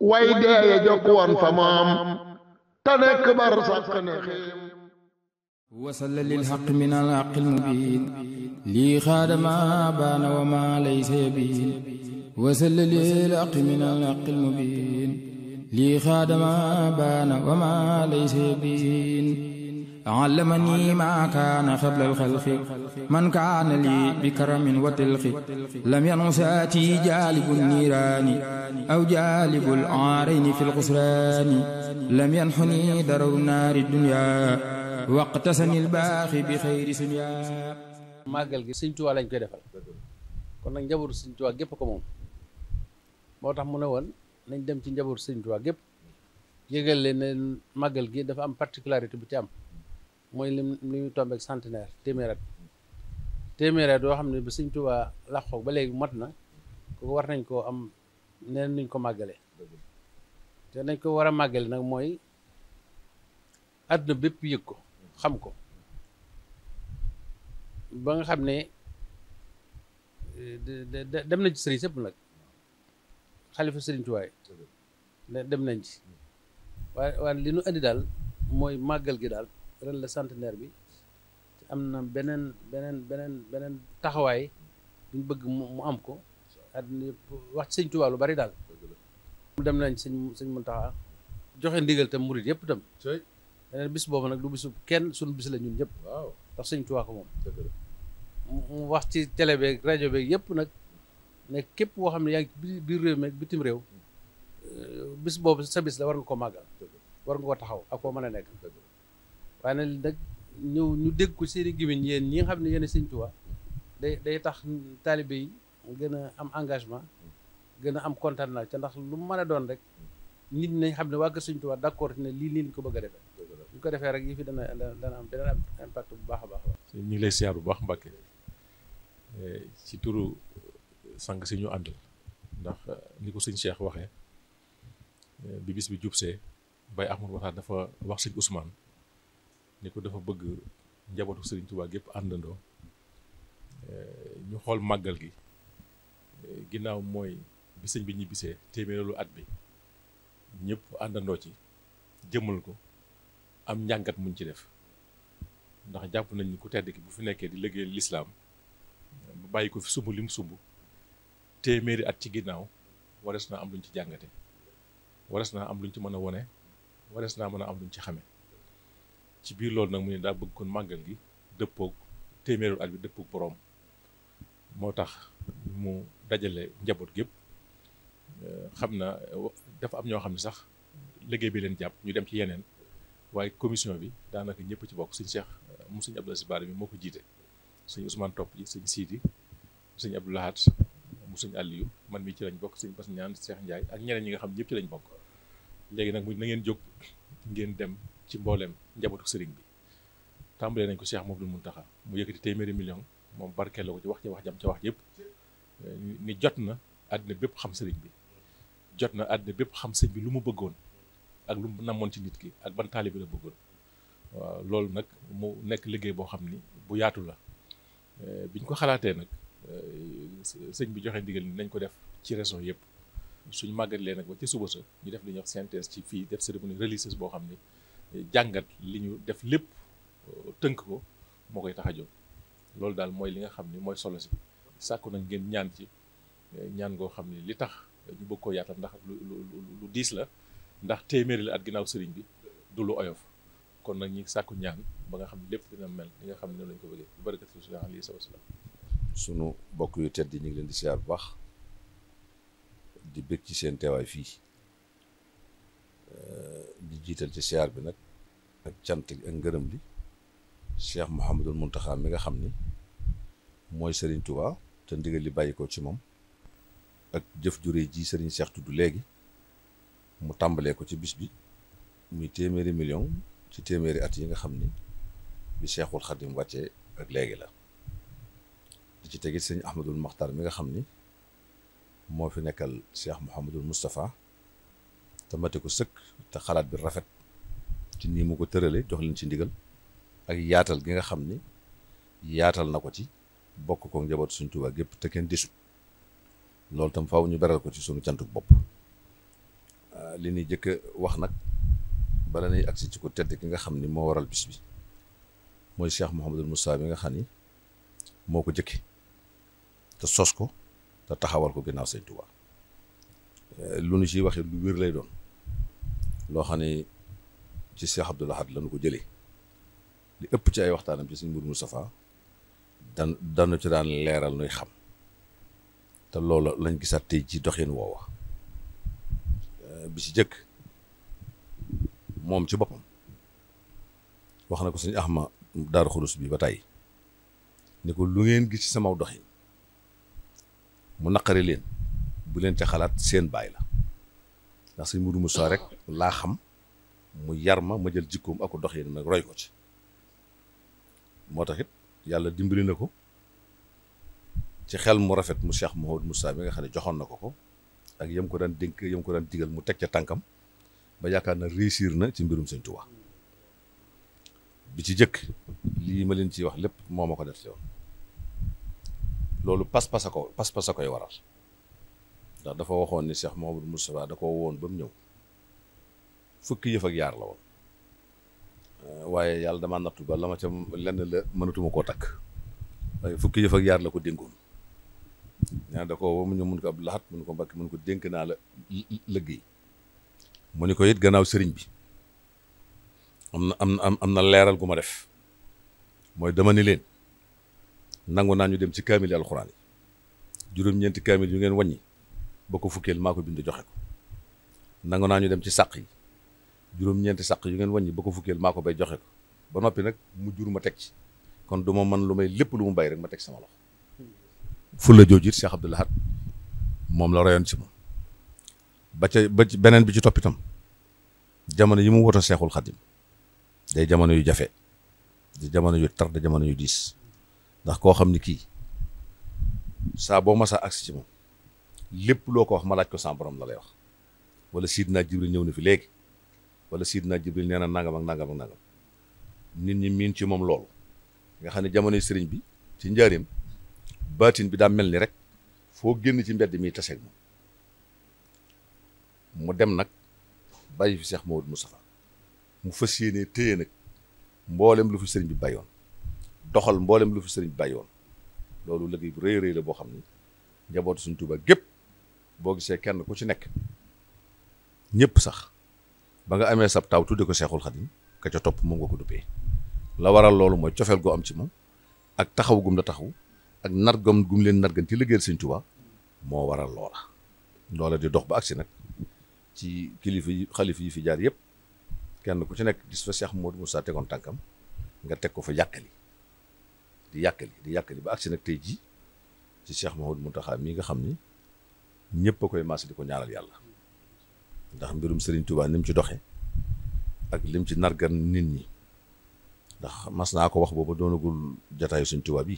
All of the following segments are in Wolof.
way dee ya jokk woon fa bar وصل للحق من الحق المبين لي خادم بان وما ليس يبين وصل للحق من الحق المبين لي خادم بان وما ليس يبين علمني ما كان قبل الخلق من كان لي بكرم وتلق لم ينساتي جالب النيران أو جالب العارين في الخسران لم ينحني درو نار الدنيا واقتسني الباخي بخير gi Sëñ lañ koy defal kon njabootu Sëñ Tuubaa gépp ko moom moo tax mu ne woon nañ dem ci njabootu Sëñ Tuubaa gépp yëgal leen ne màggal gi dafa am particularité bu ci am mooy lim li ñu tombeek centenaire téeméer téeméerat téeméer at xam ne ba sëñ Tuubaa làqoo ba léegi mot na kooku war nañ koo am neen nuñ ko màggale te nañ ko war a màggale nag mooy àdduna bépp yëg ko xam ko ba nga xam ne dem nañ ci sëriñ sëpp nag xalifa sëriñ Tuubaa dem nañ ci waaye waaye li nu andi daal mooy màggal gi daal ren la centenaire bi am na beneen beneen beneen beneen taxawaay duñ bëgg mu am ko àddina yëpp wax ci sëñ Tuubaa lu bari daal dem nañ sëñ sëñ Muntaxa joxe ndigal mu murit yëpp tam beneen bis boobu nag du bisu kenn suñu bis la ñun ñëpp ndax sëñ Tuubaa ko moom mu wax ci télé beeg rajo beeg yëpp nag ne képp koo xam ne yaa ngi ci biir réew mi bitim réew mm. euh, bis boobu sa bis la war nga ko màggal war nga ko taxaw ak koo mën a nekk waaye nag nag ñëw ñu dégg ko seeni gémmiñ yéen ñi nga xam ne yéen a sëñ Tuubaa day day tax taalibe yi gën a am engagement gën a am kontaan naa ca ndax lu mu mën a doon rek nit ñi xam ne waa kër sëñ Tuubaa d'accord ne lii nii ko bëgg a defee ñu ko defee rek yi fi dana am dana am impact bu baax a baax ñu ngi lay siyaar bu baax Mbàkke eh, ci turu sang si ñu àndal ndax eh, ni ko sëñ Cheikh waxee eh, bi bis bi jub bay Baye Ahmadou Waxtaan dafa wax sëñ Ousmane ni ko dafa bëgg njabootu sëriñ Tuubaa gépp àndandoo eh, ñu xool màggal gi eh, ginnaaw mooy bi sëñ bi ñibbisee téeméeralu at bi ñëpp àndandoo ci jëmal ko am njàngat muñ ci def ndax jàpp nañ ku tedd ki bu fi nekkee di liggéeyal lislaam ba bàyyi ko fi sumb li mu sumb téeméeri at ci ginnaaw warees naa am luñ ci jàngate warees naa am luñ ci mën a wone warees naa mën a am luñ ci xame ci biir loolu nag mu ne daa bëgg kon màggal gi dëppook téeméeru at bi dëppoog boroom moo tax mu dajale njaboot gépp euh, xam na dafa am ñoo xam ne sax liggéey bi leen jàpp ñu dem ci yeneen waaye commission bi daanaka ñëpp ci bokk suñ Cheikh euh, mu suñ Abdoulaye Sibaar bi moo jiite suñ Ousmane Topp ji suñ Sidi suñ Abdoulahat mu suñ Aliou man mi ci lañ bokk suñ Bas Ñaan Cheikh Ndiaye ak ñeneen ñi nga xam ñëpp ci lañ bokk léegi nag mu na ngeen jóg ngeen dem ci mbooleem njabootu sëriñ bi tàmbalee nañ ko Cheikh Mouhamadoul Mountakha mu yëkkati téeméeri million moom barkeel la ko ci wax ci wax jam ca wax yëpp ni jot na àddina bépp xam sëriñ bi jot na àddina bépp xam sëriñ bi lu mu bëggoon ak lu mu namoon ci nit ki ak ban taalibi la bëggoon loolu nag mu nekk liggéey boo xam ni bu yaatu la eh, biñ ko xalaatee nag eh, sëñ bi joxe ndigal ni nañ ko def ci région yëpp suñ màggalee nag ba ci suba sa ñu def li ñuy wax synthèse ci fii def cérémonie religieuse boo xam ni jàngat li ñu def lépp euh, tënk ko moo koy tax a jóg loolu daal mooy li nga xam ni mooy solo si sàkku nag ngeen ñaan ci euh, ñaan goo xam ni li tax ñu bëgg koo yaatal ndax lu lu diis la ndax téeméeri la at ginnaaw sëriñ bi du lu oyof kon nag ñi sàkku ñaan ba nga xam ne dina mel li nga xam ne lañ ko bëggee barakat fi alayhi wa sallam sunu bokk yu tedd ñu ngi leen di siyaar bu baax di bëgg ci seen teewaay fii jiital ci siyaar bi nag ak cant ak ngërëm li cheikh Mouhamadul Mountakha mi nga xam ni mooy Serigne Touba te ndigal li bàyyi ko ci moom ak jëf jure ji Serigne Cheikh tudd léegi mu tàmbalee ko ci bis bi muy téeméeri million ci téeméeri at yi nga xam ni bi Cheikhul Khadim wàcce ak léegi la di ci tegit Serigne Ahmadul Maxtar mi nga xam ni moo fi nekkal cheikh Mouhamadul Moustapha. tamate ko sëkk te xalaat bi rafet ci nii mu ko tërale jox leen ci ndigal ak yaatal gi nga xam ni yaatal na ko ci bokk ko njaboot suñ Tuubaa gépp te kenn desut loolu tam faw ñu beral ko ci suñu cantuk bopp ah, li ñuy jëkk wax nag bala ñuy agsi ci ko tedd ki nga xam ni moo waral bis bi mooy Cheikh Mouhamadul Moustapha bi nga xam ni moo ko jëkke te sos ko te taxawal ko ginnaaw sëñ Tuubaa eh, lu ñu ciy waxee lu wér lay doon loo xam ne ci Cheikh Abdoul lañu ko jëlee li ëpp ci ay waxtaanam ci suñ mbir Moustapha dan danu ci daan leeral nuy xam te loolu lañ gisaat tey ci doxin woowa bi ci jëkk moom ci boppam wax na ko suñu axma daaru xulus bi ba tey ni ko lu ngeen gis ci sama doxin mu naqari leen bu leen ca xalaat seen baay la ndax sëñ Mourou Moussa rek laa xam mu yar ma ma jël jikkoom ak dox yi nag roy ko ci moo tax it yàlla dimbali na ko ci xel mu rafet mu Cheikh Mouhamadou Moussa bi nga xam ne joxoon na ko ko ak yëm ko daan dénk yam ko daan digal mu teg ca tànkam ba yaakaar na réussir na ci mbirum sëñ Touba bi ci jëkk lii ma leen ciy wax lépp moo ma ko def ci woon loolu pas-pas a ko pas-pas a koy waral ndax dafa waxoon ni Cheikh Mouhamadou Moustapha da ko woon ba mu ñëw fukki yëf ak yaar la woon waaye yàlla dama nattu ba la ma ca lenn la mënatuma koo takk waaye fukki yëf ak yaar la ko dénkoon ñaa da ko ba mu ñëw mun ko Abdou Lahad mun ko Mbàkke mun ko dénk naa la liggéey mu ni ko it gannaaw sëriñ bi am na am na am na leeral gu ma def mooy dama ni leen nangu naa ñu dem ci kaamil yi alxuraan yi juróom-ñeenti kaamil yu ngeen wàññi ba ko fukkeel maa ko bind joxe ko nangu naa ñu dem ci sàq yi juróom-ñeenti sàq yu ngeen wàññi ba ko fukkeel maa ko bay joxe ko ba noppi nag mu jur ma teg ci kon du ma mën lu may lépp lu mu bay rek ma teg sama loxo fulla jooju it Cheikh Abdou Lahad moom la rayoon ci moom ba ca ba ci beneen bi ci topp itam jamono yi mu woto Seexul Xadim day jamono yu jafe di jamono yu tar da jamono yu diis ndax koo xam ni kii saa boo masa agsi ci moom lépp loo ko wax ma laaj ko sama la lay wax wala Sidna Jibril ñëw na fi léegi wala Sidna Jibril nee na nangam ak nangam ak nangam nit ñi miin ci moom loolu nga xam ne jamonoy sëriñ bi ci njaareem baatin bi daa mel ni rek foo génn ci mbedd mi taseeg moom mu dem nag bàyyi fi Cheikh moo Moustapha mu fas yéenee téye nag mboolem lu fi sëriñ bi bàyyoon doxal mboolem lu fi sëriñ bi bàyyoon loolu liggéey bu rëy rëy la boo xam ne njabootu suñ Tuubaa gépp boo gisee kenn ku ci nekk ñëpp sax ba nga amee sab taw tudde ko seexul xadim ka ca topp moom nga ko duppee la waral loolu mooy cofeel goo am si moom ak taxaw gum la taxaw ak nargam gum leen nargan ci liggéeyal sëñ Tuubaa moo waral loola loola di dox ba agsi nag ci kilifa yi xalifa yi fi jaar yëpp kenn ku ci nekk gis fa Seex mu saa tegoon tànkam nga teg ko fa yàkkali di yàkkali di yàkkali ba agsi nag tey jii ci Seex mu Muntaxa mii nga xam n ñëpp a koy maas di ko ñaanal yàlla ndax mbirum sëriñ Touba ni ci doxee ak lim ci nargan nit ñi ndax mas naa ko wax booba doonagul jataayu Serigne Touba bi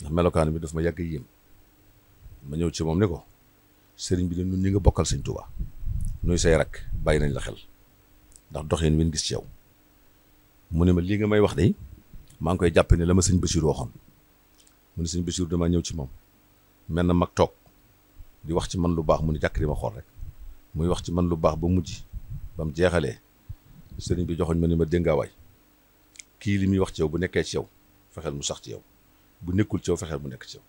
ndax melokaan bi daf ma yàgg yéem ma ñëw ci moom ni ko sëriñ bi de ñun ñi nga bokkal Serigne Touba nuy say rak bàyyi nañ la xel ndax doxin wi ñu gis ci yow mu ne ma lii nga may wax de maa ngi koy jàpp ne la ma sëñ Bachir waxoon mu ne sëñ Bachir damaa ñëw ci moom mel na mag toog. di wax ci man lu baax mu ni jàkk di ma xool rek muy wax ci man lu baax ba mujj ba mu jeexalee sëriñ bi joxoñ ma ni ma déngaawaay kii li muy wax ci yow bu nekkee ci yow fexeel mu sax ci yow bu nekkul ci yow fexeel mu nekk ci yow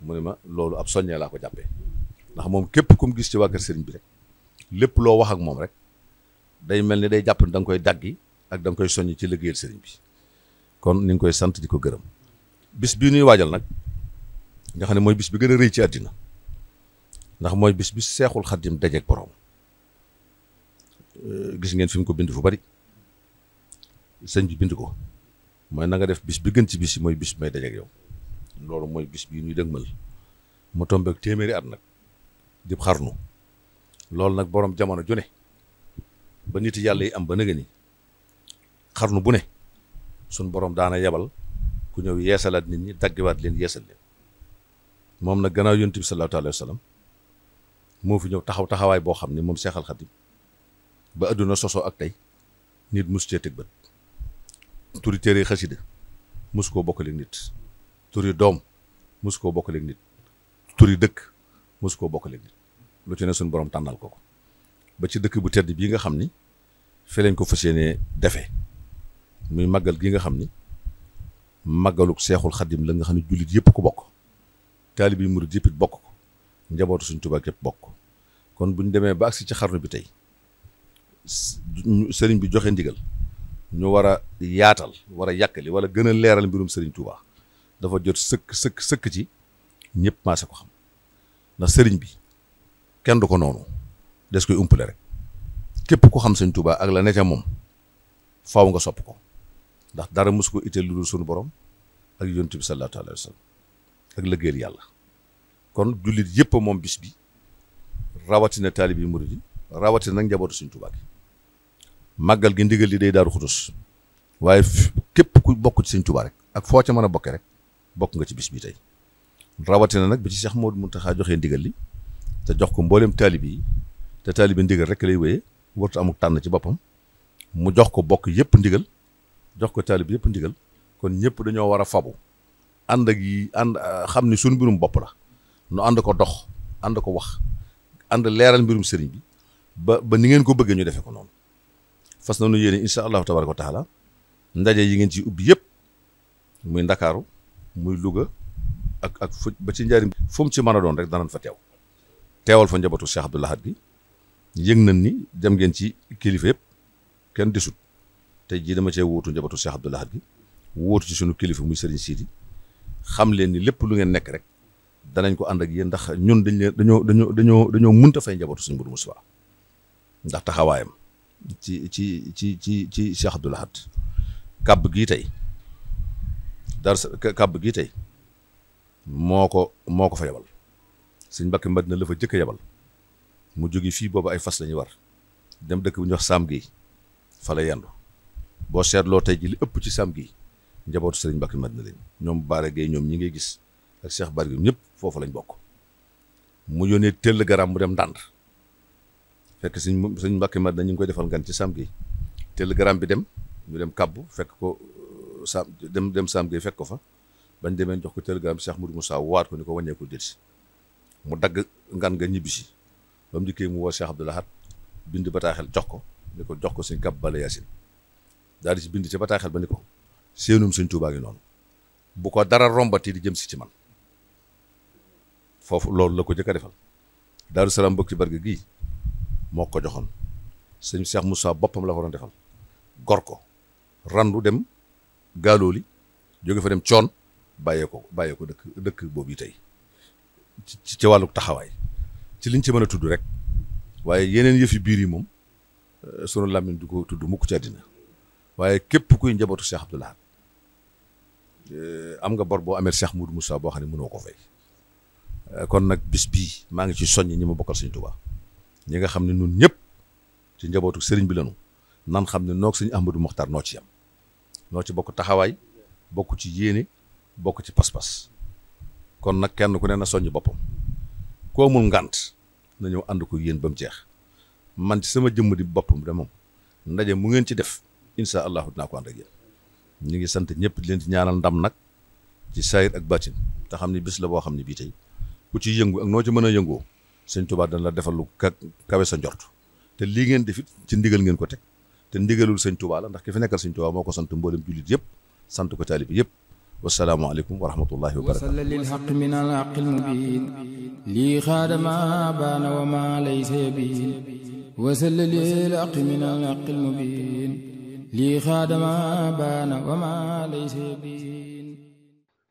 mu ne ma loolu ab soññee laa ko jàppee ndax moom képp ku mu gis ci waa kër sëriñ bi rek lépp loo wax ak moom rek day mel ni day jàpp ni da koy daggi ak danga koy soññ ci liggéeyal sëriñ bi kon ni nga koy sant di ko gërëm bis bii nuy waajal nag nga xam ne bi gën a rëy ci àddina ndax mooy bis bi seexul xaddim dajeeg borom euh, gis ngeen fi ko bind fu bari sëñ bi bind ko mooy na nga def bis bi gën ci bis mooy bis bi may dajeeg yow loolu mooy bis bii ñuy dëgmal mu tombeeg téeméeri at nag di xarnu loolu nag boroom jamono ju ne ba nit yàlla yi am ba nëgë ni xarnu bu ne suñ borom daana yebal ku ñëw yeesalaat nit ñi daggiwaat leen yeesal leen moom nag gannaaw yonent bi sallallahu alayhi wa sallam moo fi ñëw taxaw taxawaay boo xam ne moom Seexal Xadim ba àdduna sosoo ak tey nit mus cee teg bët turi téere xasida mus koo bokkaleeg nit turi doom mus koo bokk bokkaleeg nit turi dëkk mus koo bokkaleeg nit lu ci ne suñu borom tànnal ko ko ba ci dëkk bu tedd bii nga xam ni fi ko fas yéenee defe muy màggal gii nga xam ni màggaluk Seexul Xadim la nga xam ne jullit yëpp ko bokk taalibi murid yëpp it bokk njaboot suñ Tuubaa képp bokk kon bu ñu demee ba si ci xarnu bi tey sëriñ bi joxe ndigal ñu war a yaatal war a yàkkali wala gën a leeral mbirum sëriñ Tuubaa dafa jot sëkk sëkk sëkk ci ñëpp maase ko xam ndax sëriñ bi kenn du ko noonu des koy umpale rek képp ku xam sëñ Tuubaa ak la ne ca moom faaw nga sopp ko ndax dara mosu ko itteel lu sunu borom ak yonent bi sallallahu alayhi wa sallam ak yàlla kon jullit yëpp a moom bis bi rawatina taalib yi murid yi rawatina nag njabootu Sëriñ Tuubaa gi màggal gi ndigal li day daaru xutus waaye képp ku bokk ci Sëriñ rek ak foo ca mën a bokke rek bokk nga ci bis bi tey rawatina nag bi ci Seex Moodu Muntaxaa joxee ndigal li te jox ko mbooleem taalib yi te taalib yi ndigal rek lay wéyee wartu amul tànn ci boppam mu jox ko bokk yëpp ndigal jox ko taalib yëpp ndigal kon ñëpp dañoo war a fabu ànd ak yi ànd xam ni suñu mbirum bopp la nu ànd ko dox ànd ko wax ànd leeral mbirum sëriñ bi ba ba ni ngeen ko bëggee ñu defee ko noonu fas na nu yéene incha allahu tabaraka wa taala ndaje yi ngeen ci ubbi yëpp muy ndakaaru muy Louga ak ak fu ba ci njaarim fu ci mën doon rek danañ fa teew teewal fa njabatu Cheikh Abdoul Ahad bi yëg nañ ni dem ngeen ci kilifa yëpp kenn desut te jii dama cee wóotu njabootu Cheikh Abdoul Ahad bi wóotu ci sunu kilifa muy Serigne Sidi xam leen ni lépp lu ngeen nekk rek. danañ ko ànd ak yéen ndax ñun dañ leen dañoo dañoo dañoo dañoo mënta fay njabootu suñu Mourou Moustapha ndax taxawaayam ci ci ci ci ci Cheikh Abdou Lahad kàbb gii tey dar kàbb tey moo ko moo ko fa yebal suñ Mbàkke Madina la fa jëkk yebal mu jóge fii boobu ay fas la war dem dëkk bu ñuy wax Saam gi fa la yendu boo seetloo tey ji li ëpp ci Saam gi njabootu Sëriñ Mbàkke Madina lañ ñoom Baara Gueye ñoom ñi ngay gis ak Cheikh Barguim ñep fofu lañ bok mu yone tëll garam mu dem dand fekk suñ suñ mbàkki ma dañ ngi koy defal gan ci sam gi garam bi dem ñu dem kabbu fekk ko euh, sam dem dem sam fekk ko fa bañ demé jox ko tëll garam Cheikh Moudou Moussa waat ko ni ko wàññeekul mu dag ngan nga ñibbi si ba mu mu Cheikh Abdoul Ahad bata xel jox ko ni ko jox ko suñ kabbal yasin dal ci di si bind ci bataaxel ba ni ko seenum suñ touba gi non bu ko dara rombati di jëm ci ci man foofu loolu la ko jëkk defal daaru salaam mbokk ci barke gii moo ko joxoon sëñ Cheikh mussa boppam la ko a defal gor ko randu dem gaalooli jóge fa dem coon bàyyee ko bàyyee dëkk dëkk boobu yi tey ci ci wàllu taxawaay ci liñ ci mën a tudd rek waaye yeneen yëfi biir yi moom euh, sunu làmmiñ du ko tudd mukk ci àddina waaye képp kuy njabootu Cheikh Abdoul euh, am nga bor boo amee Cheikh Moudou Moussa boo xam ne mënoo ko fay Eh, kon nak bis bi ma ngi ci soñ ñi ma bokkal sëñ touba ñi nga xamni ñun ñep ci njabootu sëriñ bi lañu nan xamni nok noog Ahmadou Mokhtar no ci yam no ci bokku taxaway bokku ci yene bokku ci pass pass kon nak kenn ku ne na soññ boppam ku amul ngànt na ñëw ànd ko yéen bam jeex man ci sama jëm di bopam de ndaje mu ngeen ci def insha allah dina ko and ak yeen ñi ngi sant ñep di leen di ñaanal ndam nak ci sayr ak batin ta xamni bis la bo xamni bi tay ku ci yëngu ak noo ci mën a yëngoo sëñ Tuubaa dana la defal lu ka sa njort te lii ngeen defit ci ndigal ngeen ko teg te ndigalul sëñ Tuubaa la ndax ki fi nekkal sëñ Tuubaa moo ko sant mboolem jullit yëpp sant ko taalibe yëpp wassalaamu aleykum wa rahmatullahi wa barakatuh lil haqq min al haqqi al li xaadama baana wa ma laysa yabin wasalla lil li xaadama baana wa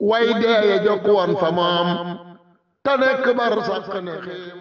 way deeye jokk woon fa moom te nekk bar sàkk ne xéew